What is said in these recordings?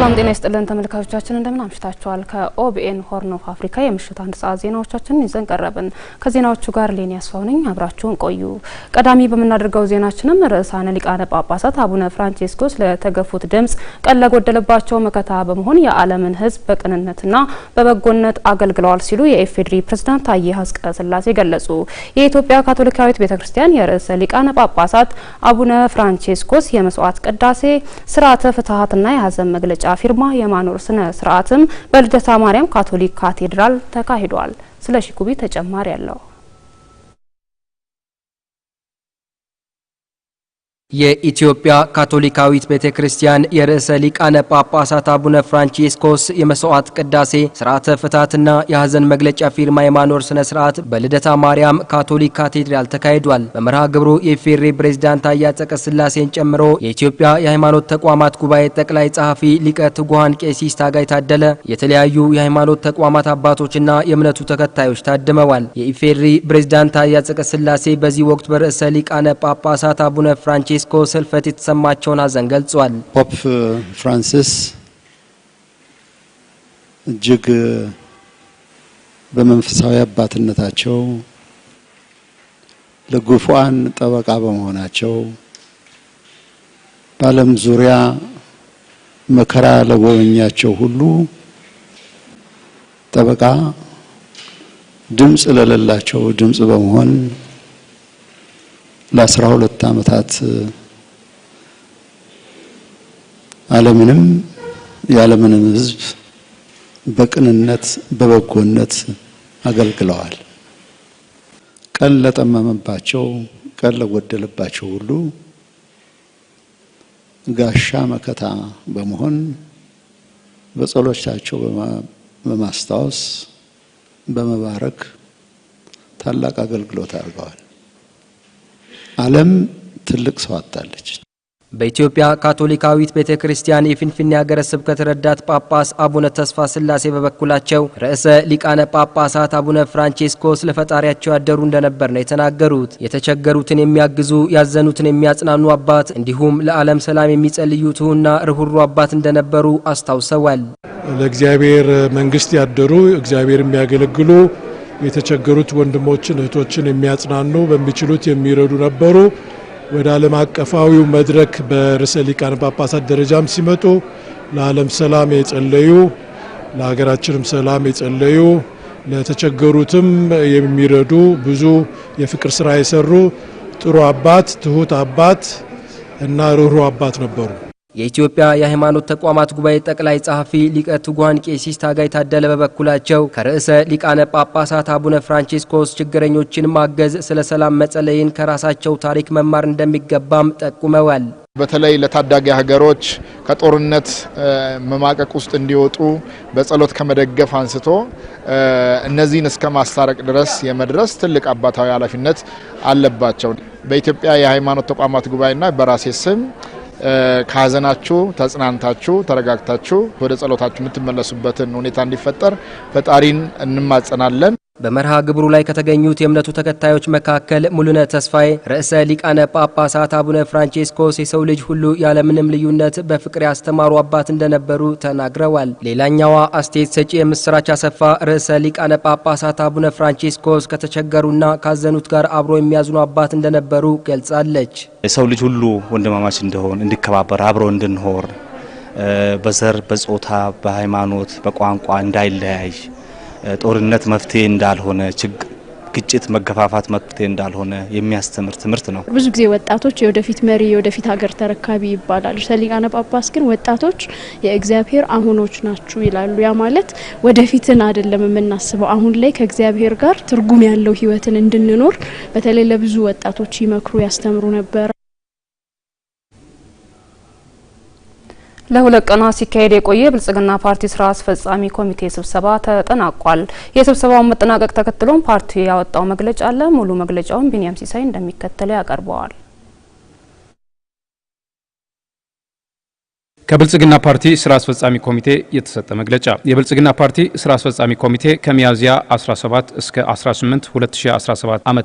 ሰላም ጤና ይስጥልን ተመልካቾቻችን፣ እንደምን አምሽታችኋል። ከኦቢኤን ሆርን ኦፍ አፍሪካ የምሽት አንድ ሰዓት ዜናዎቻችንን ይዘን ቀረብን። ከዜናዎቹ ጋር ሌን ያስፋው ነኝ። አብራችሁን ቆዩ። ቀዳሚ በምናደርገው ዜናችንም ርዕሳነ ሊቃነ ጳጳሳት አቡነ ፍራንቼስኮስ ለተገፉት ድምጽ ቀን ለጎደለባቸው መከታ በመሆን የዓለምን ሕዝብ በቅንነትና በበጎነት አገልግለዋል ሲሉ የኢፌዴሪ ፕሬዝዳንት ታዬ አጽቀሥላሴ ገለጹ። የኢትዮጵያ ካቶሊካዊት ቤተ ክርስቲያን የርዕሰ ሊቃነ ጳጳሳት አቡነ ፍራንቼስኮስ የመስዋዕት ቅዳሴ ስርዓተ ፍትሀትና የሀዘን መግለጫ የዕጣ ፊርማ የማኖር ስነ ስርዓትም በልደታ ማርያም ካቶሊክ ካቴድራል ተካሂዷል። ስለሽኩቢ ተጨማሪ አለው። የኢትዮጵያ ካቶሊካዊት ቤተ ክርስቲያን የርዕሰ ሊቃነ ጳጳሳት አቡነ ፍራንቺስኮስ የመስዋዕት ቅዳሴ ስርዓተ ፍታትና የሐዘን መግለጫ ፊርማ የማኖር ስነ ስርዓት በልደታ ማርያም ካቶሊክ ካቴድራል ተካሂዷል። በመርሃ ግብሩ የፌሬ ፕሬዝዳንት አያጸቀ ስላሴን ጨምሮ የኢትዮጵያ የሃይማኖት ተቋማት ጉባኤ ጠቅላይ ጸሐፊ ሊቀ ትጉሃን ቄሲስ ታጋይ ታደለ፣ የተለያዩ የሃይማኖት ተቋማት አባቶችና የእምነቱ ተከታዮች ታድመዋል። የኢፌሬ ፕሬዝዳንት አያጸቀ ስላሴ በዚህ ወቅት በርዕሰ ሊቃነ ጳጳሳት አቡነ ፍራንቺስ ፍራንሲስኮ ስልፈት የተሰማቸውን አዘን ገልጿል። ፖፕ ፍራንሲስ እጅግ በመንፈሳዊ አባትነታቸው ለጉፏን ጠበቃ በመሆናቸው በዓለም ዙሪያ መከራ ለጎበኛቸው ሁሉ ጠበቃ ድምፅ ለሌላቸው ድምፅ በመሆን ለአስራ ሁለት ዓመታት ዓለምንም የዓለምንም ሕዝብ በቅንነት በበጎነት አገልግለዋል። ቀን ለጠመመባቸው፣ ቀን ለጎደለባቸው ሁሉ ጋሻ መከታ በመሆን በጸሎቻቸው በማስታወስ በመባረክ ታላቅ አገልግሎት አድርገዋል። ዓለም ትልቅ ሰው አጣለች። በኢትዮጵያ ካቶሊካዊት ቤተ ክርስቲያን የፊንፊኔ ሀገረ ስብከት ረዳት ጳጳስ አቡነ ተስፋ ስላሴ በበኩላቸው ርዕሰ ሊቃነ ጳጳሳት አቡነ ፍራንቼስኮስ ለፈጣሪያቸው ያደሩ እንደነበር ነው የተናገሩት። የተቸገሩትን የሚያግዙ ያዘኑትን የሚያጽናኑ አባት እንዲሁም ለዓለም ሰላም የሚጸልዩ ትሁና ርኅሩ አባት እንደነበሩ አስታውሰዋል። ለእግዚአብሔር መንግስት ያደሩ እግዚአብሔር የሚያገለግሉ የተቸገሩት ወንድሞችን እህቶችን የሚያጽናኑ በሚችሉት የሚረዱ ነበሩ። ወደ ዓለም አቀፋዊው መድረክ በርዕሰ ሊቃነ ጳጳሳት ደረጃም ሲመጡ ለዓለም ሰላም የጸለዩ ለሀገራችንም ሰላም የጸለዩ ለተቸገሩትም የሚረዱ ብዙ የፍቅር ስራ የሰሩ ጥሩ አባት፣ ትሁት አባት እና ርኅሩኅ አባት ነበሩ። የኢትዮጵያ የሃይማኖት ተቋማት ጉባኤ ጠቅላይ ጸሐፊ ሊቀ ትጉሃን ቄሲስ ታጋይ ታደለ በበኩላቸው ከርዕሰ ሊቃነ ጳጳሳት አቡነ ፍራንቺስኮስ ችግረኞችን ማገዝ፣ ስለ ሰላም መጸለይን ከራሳቸው ታሪክ መማር እንደሚገባም ጠቁመዋል። በተለይ ለታዳጊ ሀገሮች ከጦርነት መማቀቅ ውስጥ እንዲወጡ በጸሎት ከመደገፍ አንስቶ እነዚህን እስከ ማስታረቅ ድረስ የመድረስ ትልቅ አባታዊ ኃላፊነት አለባቸው። በኢትዮጵያ የሃይማኖት ተቋማት ጉባኤና በራሴ ስም ከሀዘናችሁ ተጽናንታችሁ ተረጋግታችሁ ወደ ጸሎታችሁ የምትመለሱበትን ሁኔታ እንዲፈጠር ፈጣሪን እንማጸናለን። በመርሃ ግብሩ ላይ ከተገኙት የእምነቱ ተከታዮች መካከል ሙሉነ ተስፋዬ ርዕሰ ሊቃነ ጳጳሳት አቡነ ፍራንቼስኮስ የሰው ልጅ ሁሉ ያለምንም ልዩነት በፍቅር ያስተማሩ አባት እንደነበሩ ተናግረዋል። ሌላኛዋ አስተያየት ሰጪ የምስራች አሰፋ ርዕሰ ሊቃነ ጳጳሳት አቡነ ፍራንቼስኮስ ከተቸገሩና ካዘኑት ጋር አብሮ የሚያዝኑ አባት እንደነበሩ ገልጻለች። የሰው ልጅ ሁሉ ወንድማማች እንደሆን፣ እንዲከባበር፣ አብሮ እንድንሆር በዘር፣ በጾታ፣ በሃይማኖት፣ በቋንቋ እንዳይለያይ ጦርነት መፍትሄ እንዳልሆነ ግጭት መገፋፋት መፍትሄ እንዳልሆነ የሚያስተምር ትምህርት ነው። ብዙ ጊዜ ወጣቶች የወደፊት መሪ፣ የወደፊት ሀገር ተረካቢ ይባላሉ። ሊቃነ ጳጳስ ግን ወጣቶች የእግዚአብሔር አሁኖች ናችሁ ይላሉ። ያ ማለት ወደፊትን አይደለም የምናስበው፣ አሁን ላይ ከእግዚአብሔር ጋር ትርጉም ያለው ህይወትን እንድንኖር በተለይ ለብዙ ወጣቶች ይመክሩ ያስተምሩ ነበር። ለሁለት ቀናት ሲካሄድ የቆየ ብልጽግና ፓርቲ ስራ አስፈጻሚ ኮሚቴ ስብሰባ ተጠናቋል። የስብሰባውን መጠናቀቅ ተከትሎም ፓርቲው ያወጣው መግለጫ አለ። ሙሉ መግለጫውን ቢኒያም ሲሳይ እንደሚከተለው ያቀርበዋል። ከብልጽግና ፓርቲ ስራ አስፈጻሚ ኮሚቴ የተሰጠ መግለጫ። የብልጽግና ፓርቲ ስራ አስፈጻሚ ኮሚቴ ከሚያዝያ 17 እስከ 18 2017 ዓ ም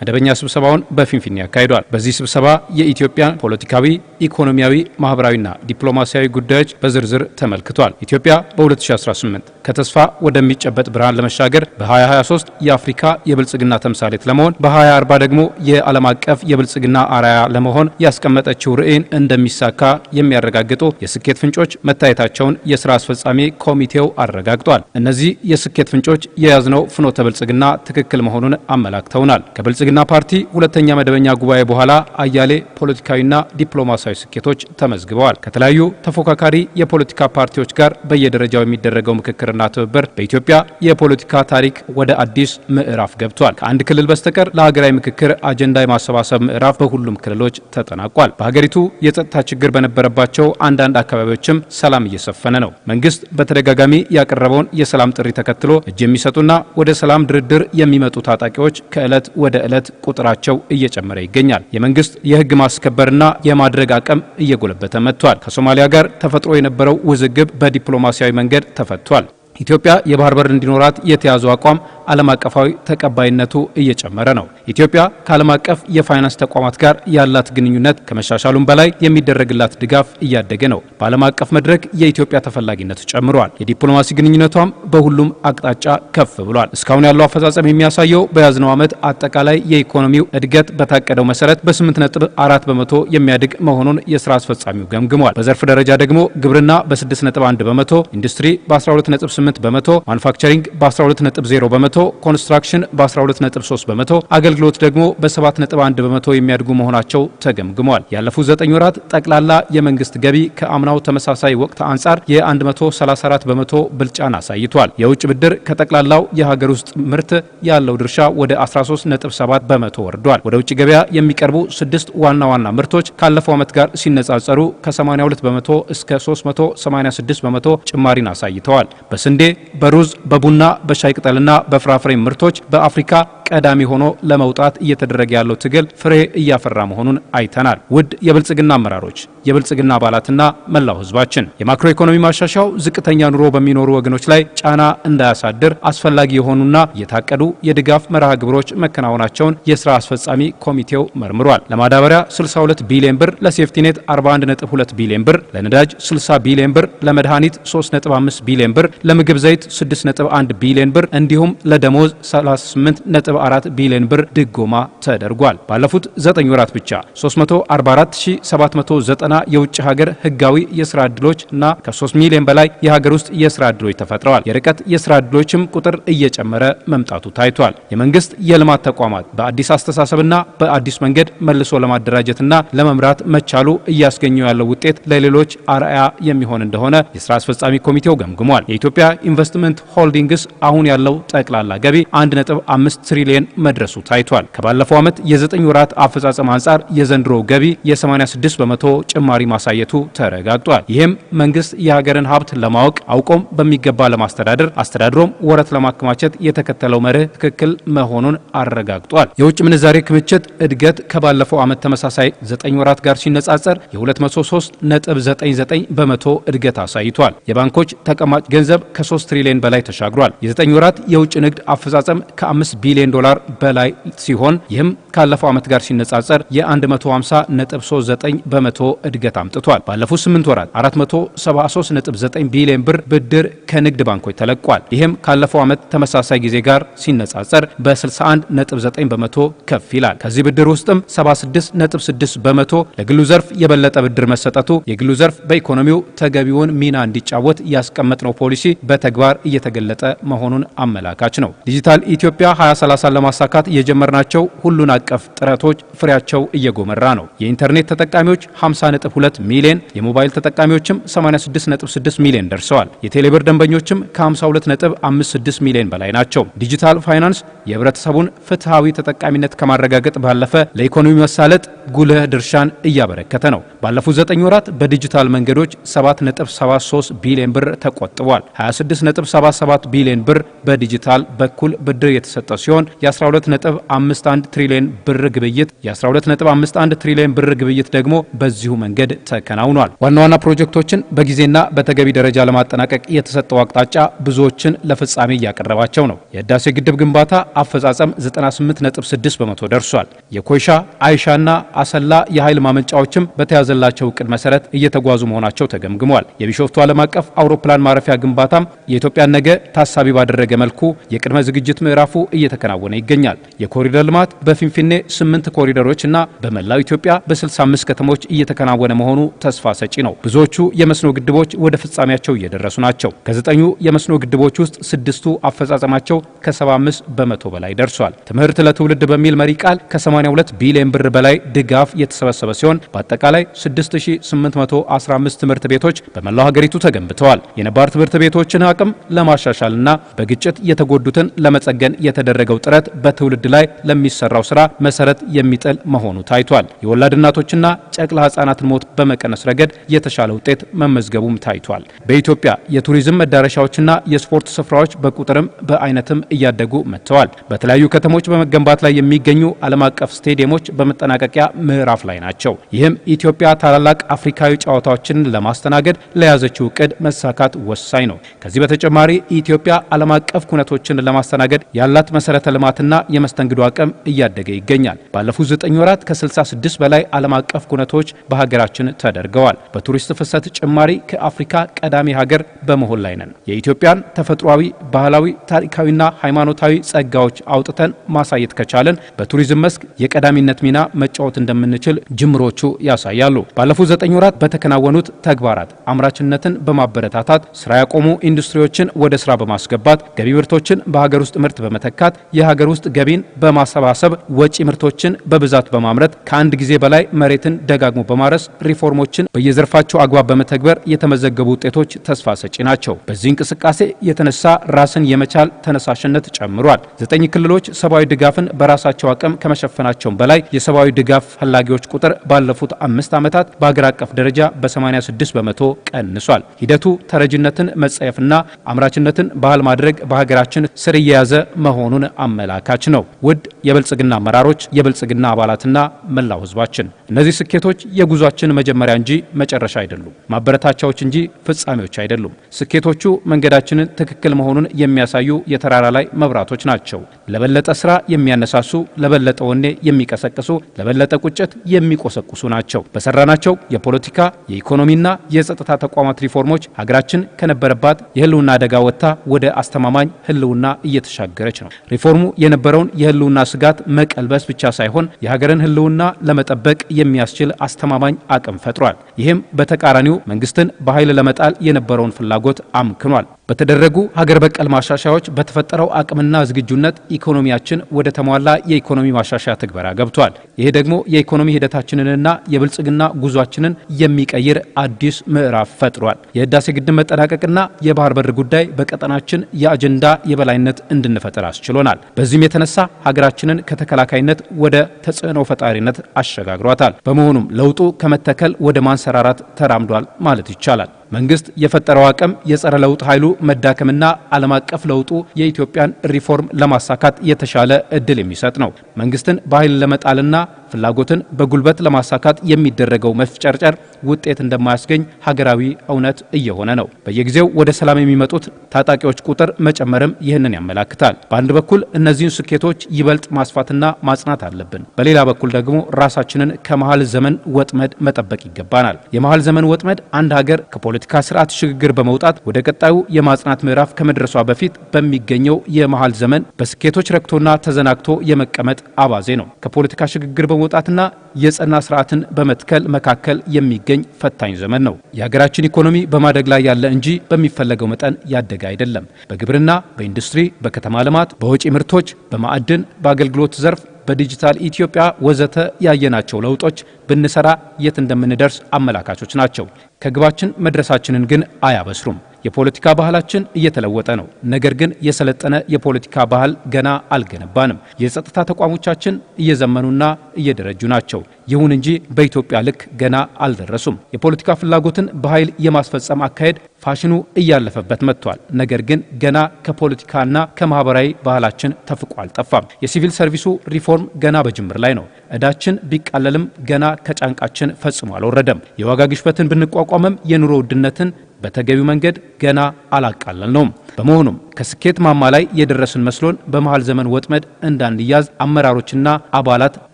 መደበኛ ስብሰባውን በፊንፊኔ ያካሂዷል። በዚህ ስብሰባ የኢትዮጵያን ፖለቲካዊ፣ ኢኮኖሚያዊ፣ ማህበራዊና ዲፕሎማሲያዊ ጉዳዮች በዝርዝር ተመልክቷል። ኢትዮጵያ በ2018 ከተስፋ ወደሚጨበጥ ብርሃን ለመሻገር በ2023 የአፍሪካ የብልጽግና ተምሳሌት ለመሆን በ2040 ደግሞ የዓለም አቀፍ የብልጽግና አራያ ለመሆን ያስቀመጠችው ርዕይን እንደሚሳካ የሚያረጋግጡ የስኬት ፍንጮች መታየታቸውን የስራ አስፈጻሚ ኮሚቴው አረጋግጧል። እነዚህ የስኬት ፍንጮች የያዝነው ፍኖተ ብልጽግና ትክክል መሆኑን አመላክተውናል። ከብልጽግና ፓርቲ ሁለተኛ መደበኛ ጉባኤ በኋላ አያሌ ፖለቲካዊና ዲፕሎማሲያዊ ስኬቶች ተመዝግበዋል። ከተለያዩ ተፎካካሪ የፖለቲካ ፓርቲዎች ጋር በየደረጃው የሚደረገው ምክክርና ትብብር በኢትዮጵያ የፖለቲካ ታሪክ ወደ አዲስ ምዕራፍ ገብቷል። ከአንድ ክልል በስተቀር ለሀገራዊ ምክክር አጀንዳ የማሰባሰብ ምዕራፍ በሁሉም ክልሎች ተጠናቋል። በሀገሪቱ የጸጥታ ችግር በነበረባቸው አንዳንድ አንዳንድ አካባቢዎችም ሰላም እየሰፈነ ነው። መንግስት በተደጋጋሚ ያቀረበውን የሰላም ጥሪ ተከትሎ እጅ የሚሰጡና ወደ ሰላም ድርድር የሚመጡ ታጣቂዎች ከዕለት ወደ ዕለት ቁጥራቸው እየጨመረ ይገኛል። የመንግስት የህግ ማስከበርና የማድረግ አቅም እየጎለበተ መጥቷል። ከሶማሊያ ጋር ተፈጥሮ የነበረው ውዝግብ በዲፕሎማሲያዊ መንገድ ተፈቷል። ኢትዮጵያ የባህር በር እንዲኖራት የተያዘው አቋም ዓለም አቀፋዊ ተቀባይነቱ እየጨመረ ነው። ኢትዮጵያ ከዓለም አቀፍ የፋይናንስ ተቋማት ጋር ያላት ግንኙነት ከመሻሻሉም በላይ የሚደረግላት ድጋፍ እያደገ ነው። በዓለም አቀፍ መድረክ የኢትዮጵያ ተፈላጊነቱ ጨምሯል። የዲፕሎማሲ ግንኙነቷም በሁሉም አቅጣጫ ከፍ ብሏል። እስካሁን ያለው አፈጻጸም የሚያሳየው በያዝነው ዓመት አጠቃላይ የኢኮኖሚው እድገት በታቀደው መሰረት በ8 ነጥብ 4 በመቶ የሚያድግ መሆኑን የስራ አስፈጻሚው ገምግሟል። በዘርፍ ደረጃ ደግሞ ግብርና በ6 ነጥብ 1 በመቶ፣ ኢንዱስትሪ በ12 ነጥብ 8 በመቶ፣ ማኑፋክቸሪንግ በ12 ነጥብ 0 በመቶ በመቶ ኮንስትራክሽን በ12.3 በመቶ አገልግሎት ደግሞ በ7.1 በመቶ የሚያድጉ መሆናቸው ተገምግሟል። ያለፉት 9 ወራት ጠቅላላ የመንግስት ገቢ ከአምናው ተመሳሳይ ወቅት አንጻር የ134 በመቶ ብልጫን አሳይቷል። የውጭ ብድር ከጠቅላላው የሀገር ውስጥ ምርት ያለው ድርሻ ወደ 13.7 በመቶ ወርዷል። ወደ ውጭ ገበያ የሚቀርቡ ስድስት ዋና ዋና ምርቶች ካለፈው ዓመት ጋር ሲነጻጸሩ ከ82 በመቶ እስከ 386 በመቶ ጭማሪን አሳይተዋል። በስንዴ፣ በሩዝ፣ በቡና፣ በሻይ ቅጠልና የፍራፍሬ ምርቶች በአፍሪካ ቀዳሚ ሆኖ ለመውጣት እየተደረገ ያለው ትግል ፍሬ እያፈራ መሆኑን አይተናል። ውድ የብልጽግና አመራሮች፣ የብልጽግና አባላትና መላው ህዝባችን። የማክሮ ኢኮኖሚ ማሻሻያው ዝቅተኛ ኑሮ በሚኖሩ ወገኖች ላይ ጫና እንዳያሳድር አስፈላጊ የሆኑና የታቀዱ የድጋፍ መርሃ ግብሮች መከናወናቸውን የስራ አስፈጻሚ ኮሚቴው መርምሯል። ለማዳበሪያ 62 ቢሊዮን ብር፣ ለሴፍቲኔት 412 ቢሊዮን ብር፣ ለነዳጅ 60 ቢሊዮን ብር፣ ለመድኃኒት 35 ቢሊዮን ብር፣ ለምግብ ዘይት 61 ቢሊዮን ብር እንዲሁም ለደሞዝ 38.4 ቢሊዮን ብር ድጎማ ተደርጓል። ባለፉት 9 ወራት ብቻ 344790 የውጭ ሀገር ህጋዊ የስራ ዕድሎች እና ከ3 ሚሊዮን በላይ የሀገር ውስጥ የስራ ዕድሎች ተፈጥረዋል። የርቀት የስራ ዕድሎችም ቁጥር እየጨመረ መምጣቱ ታይቷል። የመንግስት የልማት ተቋማት በአዲስ አስተሳሰብና በአዲስ መንገድ መልሶ ለማደራጀትና ለመምራት መቻሉ እያስገኙ ያለው ውጤት ለሌሎች አርአያ የሚሆን እንደሆነ የስራ አስፈጻሚ ኮሚቴው ገምግሟል። የኢትዮጵያ ኢንቨስትመንት ሆልዲንግስ አሁን ያለው ጠቅላላ ጠቅላላ ገቢ 1.5 ትሪሊየን መድረሱ ታይቷል። ከባለፈው ዓመት የዘጠኝ ወራት አፈጻጸም አንጻር የዘንድሮ ገቢ የ86 በመቶ ጭማሪ ማሳየቱ ተረጋግጧል። ይህም መንግስት የሀገርን ሀብት ለማወቅ አውቆም በሚገባ ለማስተዳደር አስተዳድሮም ወረት ለማከማቸት የተከተለው መርህ ትክክል መሆኑን አረጋግጧል። የውጭ ምንዛሬ ክምችት እድገት ከባለፈው ዓመት ተመሳሳይ 9 ወራት ጋር ሲነጻጸር የ 99 በመቶ እድገት አሳይቷል። የባንኮች ተቀማጭ ገንዘብ ከ3 ትሪሊዮን በላይ ተሻግሯል። የ9 ወራት የውጭ ንግድ የንግድ አፈጻጸም ከ5 ቢሊዮን ዶላር በላይ ሲሆን ይህም ካለፈው ዓመት ጋር ሲነጻጸር የ 50ነጥ39 በመቶ እድገት አምጥቷል። ባለፉት 8 ወራት 473.9 ቢሊዮን ብር ብድር ከንግድ ባንኮች ተለቋል። ይህም ካለፈው ዓመት ተመሳሳይ ጊዜ ጋር ሲነጻጸር በ61.9 በመቶ ከፍ ይላል። ከዚህ ብድር ውስጥም 6 በመቶ ለግሉ ዘርፍ የበለጠ ብድር መሰጠቱ የግሉ ዘርፍ በኢኮኖሚው ተገቢውን ሚና እንዲጫወት ያስቀመጥነው ፖሊሲ በተግባር እየተገለጠ መሆኑን አመላካቸው። እየሰራች ነው። ዲጂታል ኢትዮጵያ 2030 ለማሳካት የጀመርናቸው ሁሉን አቀፍ ጥረቶች ፍሬያቸው እየጎመራ ነው። የኢንተርኔት ተጠቃሚዎች 50.2 ሚሊዮን፣ የሞባይል ተጠቃሚዎችም 86.6 ሚሊዮን ደርሰዋል። የቴሌብር ደንበኞችም ከ52.56 ሚሊዮን በላይ ናቸው። ዲጂታል ፋይናንስ የህብረተሰቡን ፍትሐዊ ተጠቃሚነት ከማረጋገጥ ባለፈ ለኢኮኖሚ መሳለጥ ጉልህ ድርሻን እያበረከተ ነው። ባለፉት 9 ወራት በዲጂታል መንገዶች 7.73 ቢሊዮን ብር ተቆጥቧል። 26.77 ቢሊዮን ብር በዲጂታል በኩል ብድር የተሰጠ ሲሆን የ12.51 ትሪሊዮን ብር ግብይት የ12.51 ትሪሊዮን ብር ግብይት ደግሞ በዚሁ መንገድ ተከናውኗል። ዋና ዋና ፕሮጀክቶችን በጊዜና በተገቢ ደረጃ ለማጠናቀቅ የተሰጠው አቅጣጫ ብዙዎችን ለፍጻሜ እያቀረባቸው ነው። የህዳሴ ግድብ ግንባታ አፈጻጸም 98.6 በመቶ ደርሷል። የኮይሻ አይሻና አሰላ የኃይል ማመንጫዎችም በተያዘላቸው እቅድ መሰረት እየተጓዙ መሆናቸው ተገምግሟል። የቢሾፍቱ ዓለም አቀፍ አውሮፕላን ማረፊያ ግንባታም የኢትዮጵያን ነገ ታሳቢ ባደረገ መልኩ የቅድመ ዝግጅት ምዕራፉ እየተከናወነ ይገኛል። የኮሪደር ልማት በፊንፊኔ ስምንት ኮሪደሮች እና በመላው ኢትዮጵያ በ65 ከተሞች እየተከናወነ መሆኑ ተስፋ ሰጪ ነው። ብዙዎቹ የመስኖ ግድቦች ወደ ፍጻሜያቸው እየደረሱ ናቸው። ከዘጠኙ የመስኖ ግድቦች ውስጥ ስድስቱ አፈጻጸማቸው ከ75 በመቶ በላይ ደርሷል። ትምህርት ለትውልድ በሚል መሪ ቃል ከ82 ቢሊዮን ብር በላይ ድጋፍ የተሰበሰበ ሲሆን በአጠቃላይ 6815 ትምህርት ቤቶች በመላው ሀገሪቱ ተገንብተዋል። የነባር ትምህርት ቤቶችን አቅም ለማሻሻልና በግጭት የተጎዱ የተጎዱትን ለመጸገን የተደረገው ጥረት በትውልድ ላይ ለሚሰራው ስራ መሰረት የሚጥል መሆኑ ታይቷል። የወላድ እናቶችና ጨቅላ ህጻናትን ሞት በመቀነስ ረገድ የተሻለ ውጤት መመዝገቡም ታይቷል። በኢትዮጵያ የቱሪዝም መዳረሻዎችና የስፖርት ስፍራዎች በቁጥርም በአይነትም እያደጉ መጥተዋል። በተለያዩ ከተሞች በመገንባት ላይ የሚገኙ ዓለም አቀፍ ስቴዲየሞች በመጠናቀቂያ ምዕራፍ ላይ ናቸው። ይህም ኢትዮጵያ ታላላቅ አፍሪካዊ ጨዋታዎችን ለማስተናገድ ለያዘችው እቅድ መሳካት ወሳኝ ነው። ከዚህ በተጨማሪ ኢትዮጵያ ዓለም አቀፍ ኩነቶችን እንግዶችን ለማስተናገድ ያላት መሰረተ ልማትና የመስተንግዶ አቅም እያደገ ይገኛል። ባለፉት 9 ወራት ከ66 በላይ ዓለም አቀፍ ኩነቶች በሀገራችን ተደርገዋል። በቱሪስት ፍሰት ጭማሪ ከአፍሪካ ቀዳሚ ሀገር በመሆን ላይ ነን። የኢትዮጵያን ተፈጥሯዊ፣ ባህላዊ፣ ታሪካዊና ሃይማኖታዊ ጸጋዎች አውጥተን ማሳየት ከቻለን በቱሪዝም መስክ የቀዳሚነት ሚና መጫወት እንደምንችል ጅምሮቹ ያሳያሉ። ባለፉት ዘጠኝ ወራት በተከናወኑት ተግባራት አምራችነትን በማበረታታት ስራ ያቆሙ ኢንዱስትሪዎችን ወደ ስራ በማስገባት ገቢ ምርቶችን በሀገር ውስጥ ምርት በመተካት የሀገር ውስጥ ገቢን በማሰባሰብ ወጪ ምርቶችን በብዛት በማምረት ከአንድ ጊዜ በላይ መሬትን ደጋግሞ በማረስ ሪፎርሞችን በየዘርፋቸው አግባብ በመተግበር የተመዘገቡ ውጤቶች ተስፋ ሰጪ ናቸው። በዚህ እንቅስቃሴ የተነሳ ራስን የመቻል ተነሳሽነት ጨምሯል። ዘጠኝ ክልሎች ሰብአዊ ድጋፍን በራሳቸው አቅም ከመሸፈናቸውም በላይ የሰብአዊ ድጋፍ ፈላጊዎች ቁጥር ባለፉት አምስት ዓመታት በአገር አቀፍ ደረጃ በ86 በመቶ ቀንሷል። ሂደቱ ተረጅነትን መጸየፍና አምራችነትን ባህል ማድረግ በሀገራችን ስር እየያዘ መሆኑን አመላካች ነው። ውድ የብልጽግና አመራሮች፣ የብልጽግና አባላትና መላው ህዝባችን እነዚህ ስኬቶች የጉዟችን መጀመሪያ እንጂ መጨረሻ አይደሉም፣ ማበረታቻዎች እንጂ ፍጻሜዎች አይደሉም። ስኬቶቹ መንገዳችንን ትክክል መሆኑን የሚያሳዩ የተራራ ላይ መብራቶች ናቸው። ለበለጠ ስራ የሚያነሳሱ፣ ለበለጠ ወኔ የሚቀሰቅሱ፣ ለበለጠ ቁጭት የሚቆሰቁሱ ናቸው። በሰራናቸው የፖለቲካ የኢኮኖሚና የጸጥታ ተቋማት ሪፎርሞች ሀገራችን ከነበረባት የህልውና አደጋ ወጥታ ወደ አስተማማኝ ህልውና ህልውና እየተሻገረች ነው። ሪፎርሙ የነበረውን የህልውና ስጋት መቀልበስ ብቻ ሳይሆን የሀገርን ህልውና ለመጠበቅ የሚያስችል አስተማማኝ አቅም ፈጥሯል። ይህም በተቃራኒው መንግስትን በኃይል ለመጣል የነበረውን ፍላጎት አምክኗል። በተደረጉ ሀገር በቀል ማሻሻያዎች በተፈጠረው አቅምና ዝግጁነት ኢኮኖሚያችን ወደ ተሟላ የኢኮኖሚ ማሻሻያ ትግበራ ገብቷል። ይሄ ደግሞ የኢኮኖሚ ሂደታችንንና የብልጽግና ጉዟችንን የሚቀይር አዲስ ምዕራፍ ፈጥሯል። የህዳሴ ግድብ መጠናቀቅና የባህር በር ጉዳይ በቀጠናችን የአጀንዳ የበላይነት እንድንፈጥር አስችሎናል። በዚህም የተነሳ ሀገራችንን ከተከላካይነት ወደ ተጽዕኖ ፈጣሪነት አሸጋግሯታል። በመሆኑም ለውጡ ከመተከል ወደ ማንሰራራት ተራምዷል ማለት ይቻላል። መንግስት የፈጠረው አቅም የጸረ ለውጥ ኃይሉ መዳከምና ዓለም አቀፍ ለውጡ የኢትዮጵያን ሪፎርም ለማሳካት የተሻለ እድል የሚሰጥ ነው። መንግስትን በኃይል ለመጣልና ፍላጎትን በጉልበት ለማሳካት የሚደረገው መፍጨርጨር ውጤት እንደማያስገኝ ሀገራዊ እውነት እየሆነ ነው። በየጊዜው ወደ ሰላም የሚመጡት ታጣቂዎች ቁጥር መጨመርም ይህንን ያመላክታል። በአንድ በኩል እነዚህን ስኬቶች ይበልጥ ማስፋትና ማጽናት አለብን። በሌላ በኩል ደግሞ ራሳችንን ከመሀል ዘመን ወጥመድ መጠበቅ ይገባናል። የመሀል ዘመን ወጥመድ አንድ ሀገር ከፖለቲካ ስርዓት ሽግግር በመውጣት ወደ ቀጣዩ የማጽናት ምዕራፍ ከመድረሷ በፊት በሚገኘው የመሀል ዘመን በስኬቶች ረክቶና ተዘናግቶ የመቀመጥ አባዜ ነው። ከፖለቲካ ሽግግር በመውጣትና የጸና ስርዓትን በመትከል መካከል የሚገኝ ፈታኝ ዘመን ነው። የሀገራችን ኢኮኖሚ በማደግ ላይ ያለ እንጂ በሚፈለገው መጠን ያደገ አይደለም። በግብርና፣ በኢንዱስትሪ፣ በከተማ ልማት፣ በወጪ ምርቶች፣ በማዕድን፣ በአገልግሎት ዘርፍ በዲጂታል ኢትዮጵያ ወዘተ ያየናቸው ለውጦች ብንሰራ የት እንደምንደርስ አመላካቾች ናቸው። ከግባችን መድረሳችንን ግን አያበስሩም። የፖለቲካ ባህላችን እየተለወጠ ነው። ነገር ግን የሰለጠነ የፖለቲካ ባህል ገና አልገነባንም። የጸጥታ ተቋሞቻችን እየዘመኑና እየደረጁ ናቸው። ይሁን እንጂ በኢትዮጵያ ልክ ገና አልደረሱም። የፖለቲካ ፍላጎትን በኃይል የማስፈጸም አካሄድ ፋሽኑ እያለፈበት መጥቷል። ነገር ግን ገና ከፖለቲካና ከማህበራዊ ባህላችን ተፍቆ አልጠፋም። የሲቪል ሰርቪሱ ሪፎርም ገና በጅምር ላይ ነው። እዳችን ቢቃለልም ገና ከጫንቃችን ፈጽሞ አልወረደም። የዋጋ ግሽበትን ብንቋቋምም የኑሮ ውድነትን በተገቢው መንገድ ገና አላቃለል ነው። በመሆኑም ከስኬት ማማ ላይ የደረስን መስሎን በመሃል ዘመን ወጥመድ እንዳንያዝ አመራሮችና አባላት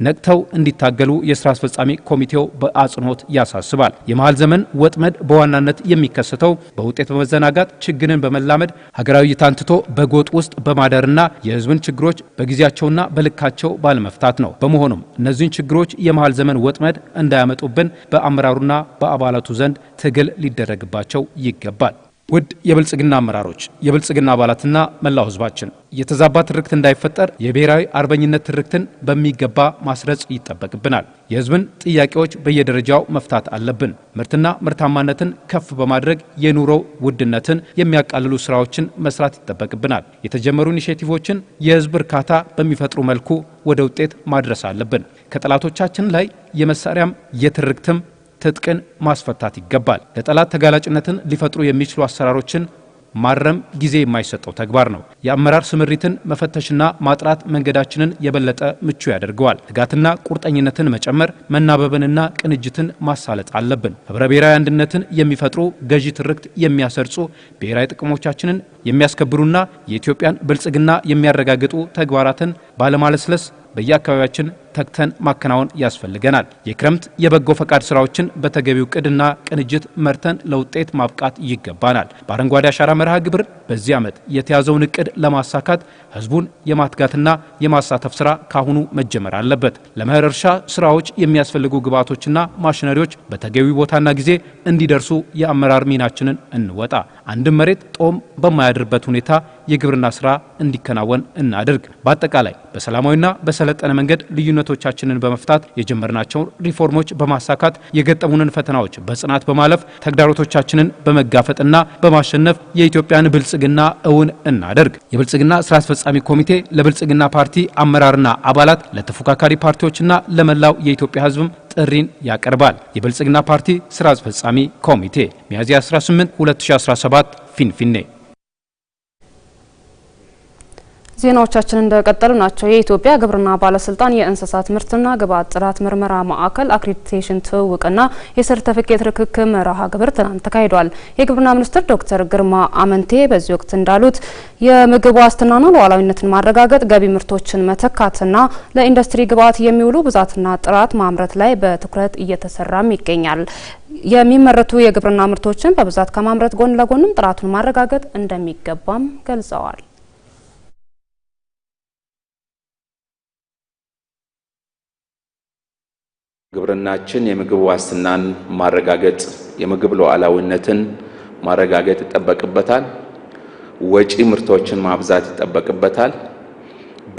ነቅተው እንዲታገሉ የስራ አስፈጻሚ ኮሚቴው በአጽንኦት ያሳስባል። የመሃል ዘመን ወጥመድ በዋናነት የሚከሰተው በውጤት በመዘናጋት ችግርን በመላመድ ሀገራዊ እይታን ትቶ በጎጥ ውስጥ በማደርና የህዝብን ችግሮች በጊዜያቸውና በልካቸው ባለመፍታት ነው። በመሆኑም እነዚህን ችግሮች የመሃል ዘመን ወጥመድ እንዳያመጡብን በአመራሩና በአባላቱ ዘንድ ትግል ሊደረግባቸው ይገባል። ውድ የብልጽግና አመራሮች፣ የብልጽግና አባላትና መላው ህዝባችን የተዛባ ትርክት እንዳይፈጠር የብሔራዊ አርበኝነት ትርክትን በሚገባ ማስረጽ ይጠበቅብናል። የህዝብን ጥያቄዎች በየደረጃው መፍታት አለብን። ምርትና ምርታማነትን ከፍ በማድረግ የኑሮ ውድነትን የሚያቃልሉ ስራዎችን መስራት ይጠበቅብናል። የተጀመሩ ኢኒሽቲቮችን የህዝብ እርካታ በሚፈጥሩ መልኩ ወደ ውጤት ማድረስ አለብን። ከጠላቶቻችን ላይ የመሳሪያም የትርክትም ትጥቅን ማስፈታት ይገባል። ለጠላት ተጋላጭነትን ሊፈጥሩ የሚችሉ አሰራሮችን ማረም ጊዜ የማይሰጠው ተግባር ነው። የአመራር ስምሪትን መፈተሽና ማጥራት መንገዳችንን የበለጠ ምቹ ያደርገዋል። ትጋትና ቁርጠኝነትን መጨመር፣ መናበብንና ቅንጅትን ማሳለጥ አለብን። ህብረ ብሔራዊ አንድነትን የሚፈጥሩ ገዢ ትርክት የሚያሰርጹ ብሔራዊ ጥቅሞቻችንን የሚያስከብሩና የኢትዮጵያን ብልጽግና የሚያረጋግጡ ተግባራትን ባለማለስለስ በየአካባቢያችን ተክተን ማከናወን ያስፈልገናል። የክረምት የበጎ ፈቃድ ስራዎችን በተገቢው ቅድና ቅንጅት መርተን ለውጤት ማብቃት ይገባናል። በአረንጓዴ አሻራ መርሃ ግብር በዚህ ዓመት የተያዘውን እቅድ ለማሳካት ህዝቡን የማትጋትና የማሳተፍ ስራ ካሁኑ መጀመር አለበት። ለመኸር እርሻ ስራዎች የሚያስፈልጉ ግብዓቶችና ማሽነሪዎች በተገቢ ቦታና ጊዜ እንዲደርሱ የአመራር ሚናችንን እንወጣ። አንድም መሬት ጦም በማያድርበት ሁኔታ የግብርና ስራ እንዲከናወን እናድርግ። በአጠቃላይ በሰላማዊና በሰለጠነ መንገድ ልዩነት ልዩነቶቻችንን በመፍታት የጀመርናቸውን ሪፎርሞች በማሳካት የገጠሙንን ፈተናዎች በጽናት በማለፍ ተግዳሮቶቻችንን በመጋፈጥና በማሸነፍ የኢትዮጵያን ብልጽግና እውን እናደርግ። የብልጽግና ስራ አስፈጻሚ ኮሚቴ ለብልጽግና ፓርቲ አመራርና አባላት ለተፎካካሪ ፓርቲዎችና ለመላው የኢትዮጵያ ህዝብም ጥሪን ያቀርባል። የብልጽግና ፓርቲ ስራ አስፈጻሚ ኮሚቴ ሚያዝያ 18 2017 ፊንፊኔ ዜናዎቻችን እንደቀጠሉ ናቸው። የኢትዮጵያ ግብርና ባለስልጣን የእንስሳት ምርትና ግብዓት ጥራት ምርመራ ማዕከል አክሬዲቴሽን ትውውቅና የሰርተፊኬት ርክክብ መርሃ ግብር ትናንት ተካሂዷል። የግብርና ሚኒስትር ዶክተር ግርማ አመንቴ በዚህ ወቅት እንዳሉት የምግብ ዋስትናና ሉዓላዊነትን ማረጋገጥ፣ ገቢ ምርቶችን መተካትና ለኢንዱስትሪ ግብዓት የሚውሉ ብዛትና ጥራት ማምረት ላይ በትኩረት እየተሰራም ይገኛል። የሚመረቱ የግብርና ምርቶችን በብዛት ከማምረት ጎን ለጎንም ጥራቱን ማረጋገጥ እንደሚገባም ገልጸዋል። ግብርናችን የምግብ ዋስትናን ማረጋገጥ፣ የምግብ ሉዓላዊነትን ማረጋገጥ ይጠበቅበታል። ወጪ ምርቶችን ማብዛት ይጠበቅበታል።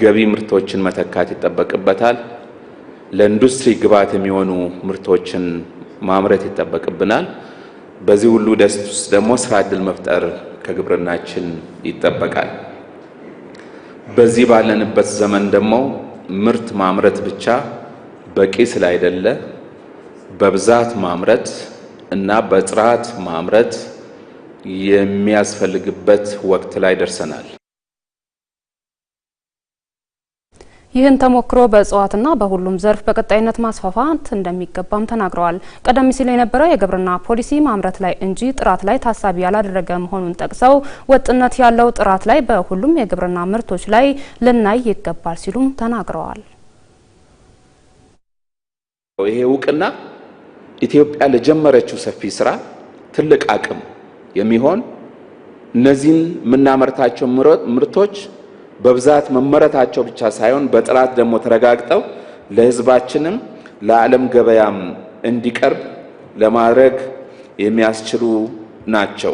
ገቢ ምርቶችን መተካት ይጠበቅበታል። ለኢንዱስትሪ ግብዓት የሚሆኑ ምርቶችን ማምረት ይጠበቅብናል። በዚህ ሁሉ ደስት ውስጥ ደግሞ ስራ እድል መፍጠር ከግብርናችን ይጠበቃል። በዚህ ባለንበት ዘመን ደግሞ ምርት ማምረት ብቻ በቂ ስላይደለ በብዛት ማምረት እና በጥራት ማምረት የሚያስፈልግበት ወቅት ላይ ደርሰናል። ይህን ተሞክሮ በእጽዋትና በሁሉም ዘርፍ በቀጣይነት ማስፋፋት እንደሚገባም ተናግረዋል። ቀደም ሲል የነበረው የግብርና ፖሊሲ ማምረት ላይ እንጂ ጥራት ላይ ታሳቢ ያላደረገ መሆኑን ጠቅሰው ወጥነት ያለው ጥራት ላይ በሁሉም የግብርና ምርቶች ላይ ልናይ ይገባል ሲሉም ተናግረዋል። ይሄ እውቅና ኢትዮጵያ ለጀመረችው ሰፊ ስራ ትልቅ አቅም የሚሆን እነዚህን የምናመርታቸው ምርቶች በብዛት መመረታቸው ብቻ ሳይሆን በጥራት ደግሞ ተረጋግጠው ለሕዝባችንም ለዓለም ገበያም እንዲቀርብ ለማድረግ የሚያስችሉ ናቸው።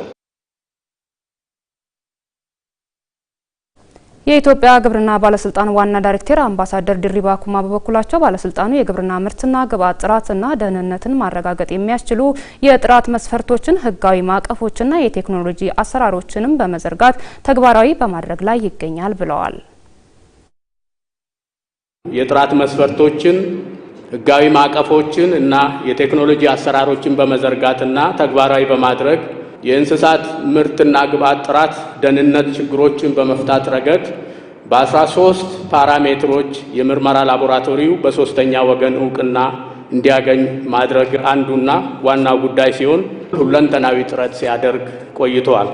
የኢትዮጵያ ግብርና ባለስልጣን ዋና ዳይሬክተር አምባሳደር ድሪባ ኩማ በበኩላቸው ባለስልጣኑ የግብርና ምርትና ግብዓት ጥራትና ደህንነትን ማረጋገጥ የሚያስችሉ የጥራት መስፈርቶችን፣ ህጋዊ ማዕቀፎችና የቴክኖሎጂ አሰራሮችንም በመዘርጋት ተግባራዊ በማድረግ ላይ ይገኛል ብለዋል። የጥራት መስፈርቶችን ህጋዊ ማዕቀፎችን እና የቴክኖሎጂ አሰራሮችን በመዘርጋትና ተግባራዊ በማድረግ የእንስሳት ምርትና ግብዓት ጥራት ደህንነት ችግሮችን በመፍታት ረገድ በ13 ፓራሜትሮች የምርመራ ላቦራቶሪው በሶስተኛ ወገን እውቅና እንዲያገኝ ማድረግ አንዱና ዋና ጉዳይ ሲሆን ሁለንተናዊ ጥረት ሲያደርግ ቆይተዋል።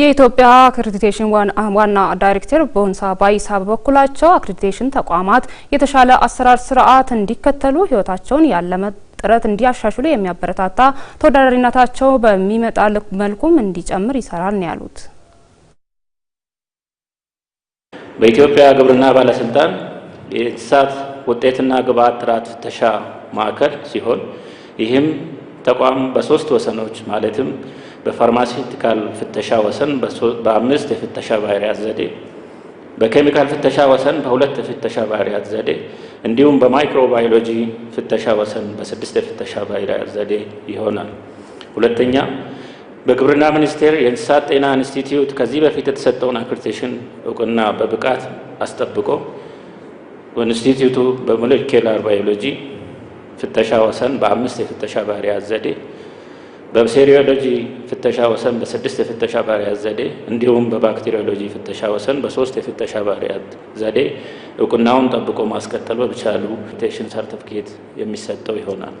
የኢትዮጵያ አክሬዲቴሽን ዋና ዳይሬክተር ቦንሳ ባይሳ በበኩላቸው አክሬዲቴሽን ተቋማት የተሻለ አሰራር ስርዓት እንዲከተሉ ህይወታቸውን ያለመ ጥረት እንዲያሻሽሉ የሚያበረታታ ተወዳዳሪነታቸው በሚመጣ መልኩም እንዲጨምር ይሰራል ነው ያሉት። በኢትዮጵያ ግብርና ባለስልጣን የእንስሳት ውጤትና ግብዓት ጥራት ፍተሻ ማዕከል ሲሆን ይህም ተቋም በሶስት ወሰኖች ማለትም በፋርማሲቲካል ፍተሻ ወሰን በአምስት የፍተሻ ባህሪያት ዘዴ፣ በኬሚካል ፍተሻ ወሰን በሁለት የፍተሻ ባህሪያት ዘዴ እንዲሁም በማይክሮባዮሎጂ ፍተሻ ወሰን በስድስት የፍተሻ ባይራ ዘዴ ይሆናል። ሁለተኛ በግብርና ሚኒስቴር የእንስሳት ጤና ኢንስቲትዩት ከዚህ በፊት የተሰጠውን አክሪቴሽን እውቅና በብቃት አስጠብቆ ኢንስቲትዩቱ በሞለኪውላር ባዮሎጂ ፍተሻ ወሰን በአምስት የፍተሻ ባይራ ዘዴ በሴሪዮሎጂ ፍተሻ ወሰን በስድስት የፍተሻ ባህሪያት ዘዴ እንዲሁም በባክቴሪዮሎጂ ፍተሻ ወሰን በሶስት የፍተሻ ባህሪያት ዘዴ እውቅናውን ጠብቆ ማስቀጠል በብቻሉ ቴሽን ሰርቲፊኬት የሚሰጠው ይሆናል።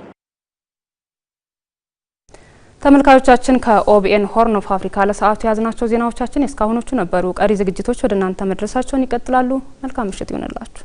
ተመልካቾቻችን ከኦቢኤን ሆርን ኦፍ አፍሪካ ለሰዓቱ የያዝናቸው ዜናዎቻችን የእስካሁኖቹ ነበሩ። ቀሪ ዝግጅቶች ወደ እናንተ መድረሳቸውን ይቀጥላሉ። መልካም ምሽት ይሆንላችሁ።